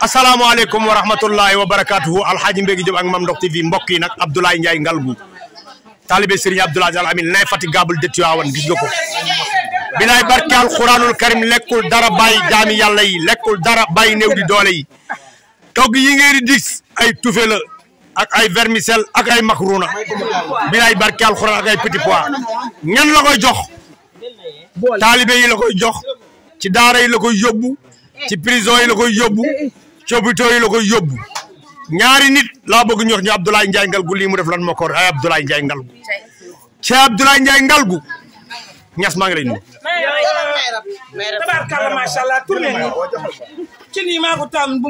asalaamaaleykum wa rahmatullahi wa barakaatuhu alxaaji Mbégi Diop ak Mame TV mbokk yi nag Abdoulaye Ndiaye Ngalgou taalibe Serigne Abdoulaye Al Amin l'infatigable de Tivaouane gis nga ko bilaay barke alxuraanul karim lekkul dara bàyyi jaami yàlla lekkul dara bàyyi néew di doole yi togg yi ngeen di dis ay tufe ay vermicelle ak ay macaroni bilaay barke alxuraan ak ay petit pois ñan la koy jox taalibe yi la ci daara yi yóbbu ci prison yi yóbbu ci hôpitaux yi ñaari nit laa bëgg ñu wax ñu Abdoulaye Ndiaye Ngalgu lii mu def lan moo ko ay Abdoulaye Ndiaye Ngalgu ci Abdoulaye Ndiaye Ngalgu ñas maa lay nuyu. ko tànn bu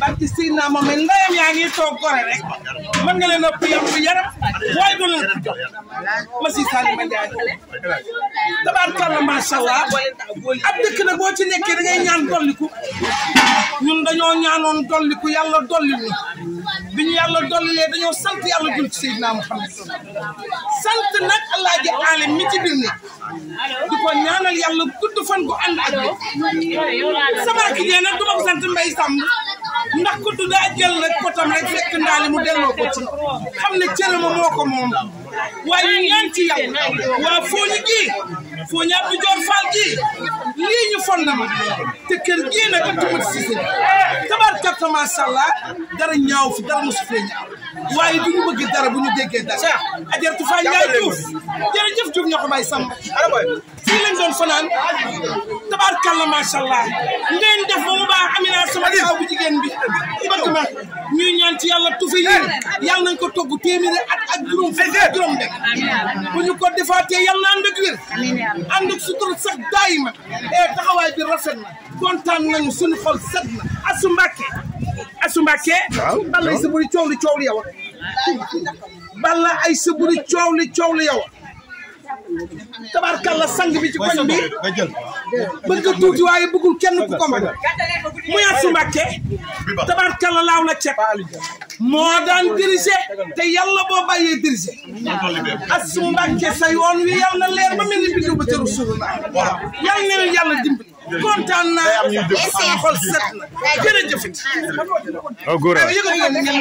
barki si naa moom it ndeyam yaa ngi toog gore rek mën nga leen a piyam bu yaram waaye du leen ko jox ab dëkk nag boo ci nekkee da ngay ñaan dolliku ñun dañoo ñaanoon dolliku yàlla dolli ñu bi ñu yàlla dollilee dañoo sant yàlla jul ci Seydina Muhammad sant nag Alaaji Ali mi ci biir nit di ko ñaanal yàlla gudd fan gu ànd ak bi ki nag du ma ko sant Mbay Samb ndax ku daa jël rek potam rek fekk ndaali mu delloo ko ci xam ne cërëma moo ko moom waaye ñu ñaan ci waa fooñi gi fooñi Abdou Dior Fall gi lii ñu fondama te kër gii nag ak tamit Cissé te macha allah dara ñaaw fi dara mosu fee ñaaw waaye du ñu bëgg dara bu ñu déggee dara. Cheikh Adjaratou Faye Ndiaye Diouf jërëjëf Diouf ñoo ko may sàmm. fii lañ doon fanaan tabaarkalla macha ngeen def ba mu baax Amina sama taw bu jigéen bi bëgg ma ñuy ñaan ci yàlla tufi yi yàlla nañ ko togg téeméeri at ak juróom fukk ak juróom bu ñu ko defaatee yàlla na ànd ak wér ànd ak sutura sax daayima e eh, taxawaay bi rafet na kontaan nañu suñu xol set na asu mbàkke Assou Mbacké balla ay sa buri coow li coow li yow balla ay sa buri bi ci koñ bi bëgg tuuti waaye bëggul kenn ku ko muy Assou Mbacké tabarkalla laaw la ceeb moo daan dirigé te yàlla boo bàyyee dirigé Assou Mbacké sa wi yàlla leer ba mel ni biddiw ba tëru suuf yàlla na leen yàlla kontaan naa sama xol set na jërëjëf it. waaw oh, góor a meer loo xam nga ni.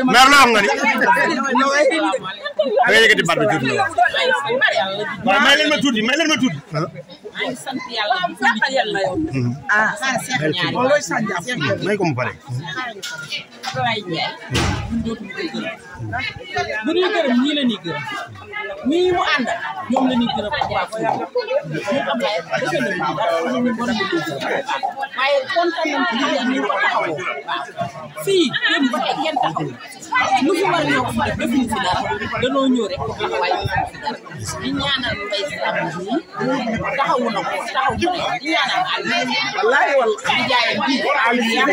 da ngay yëkkati baat bi ma tuuti may ma tuuti. maa ngi sant la ñuy gërëm. ñii mu ànd ñoom la ñuy gërëm a gërëm. waaye fii yéen ba taxaw lu fi war ñoo def defuñu fi dara danoo ñëw rek waaye defuñu fi dara. ñu ñaanal mbay nangu na ko taxaw jub wallaahi wallaahi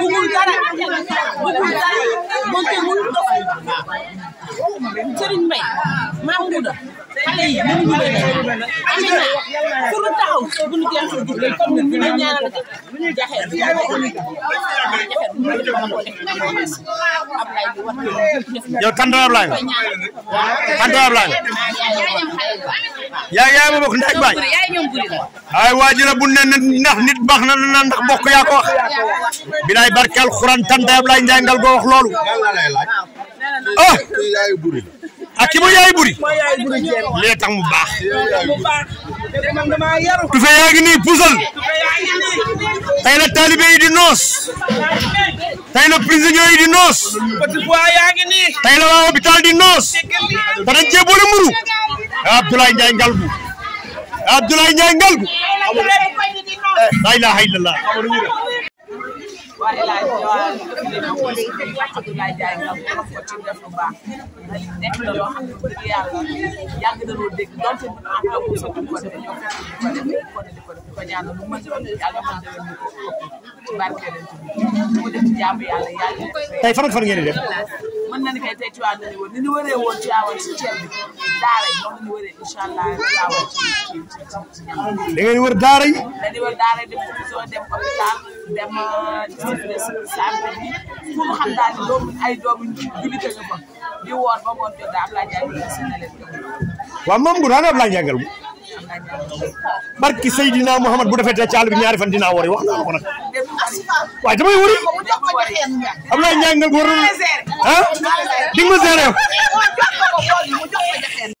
bugul dara bugul dara moonte mul yaa yaa bu ne ndax nit baax na na ndax bokk yaa ko wax bilaay barkeel xuraan tante Ablaye ngal go loolu ah a ah, ki mooy yaay buri lee tax mu baax tu fe yaa ngi nii pusal tey la taalibe di noos tey la prisonniers di noos tey la waa hôpital di noos te dañ cee boole mburu Abdoulaye Ndiaye Ngalgou Abdoulaye Ndiaye Ngalgou la ilaha illallah tey fan ak fan ngeen di def mën nañu kay tey Tivaouane la ñu wër ni ñu wëree woon Tivaouane si ceeb bi daara yi moom la ñu wëree incha allah Tivaouane ci ci ci da ngeen wër daara yi. dañuy wër daara yi dem hôpital dem hôpital dem euh, centre santé bi fu mu xam daal ni doomu ay doomu jullit a nga fa di woor ba ngoon jot daal Ablaye Diagne bi si na leen gëm. waaw moom bu daan Ablaye jàngal mu barki Seydina Mouhamad bu defee tey ci àll bi ñaari fan dinaa wari wax naa ko nag. waaye damay wëri Ablaye Ndiaye nga góor ah di nga ma gérer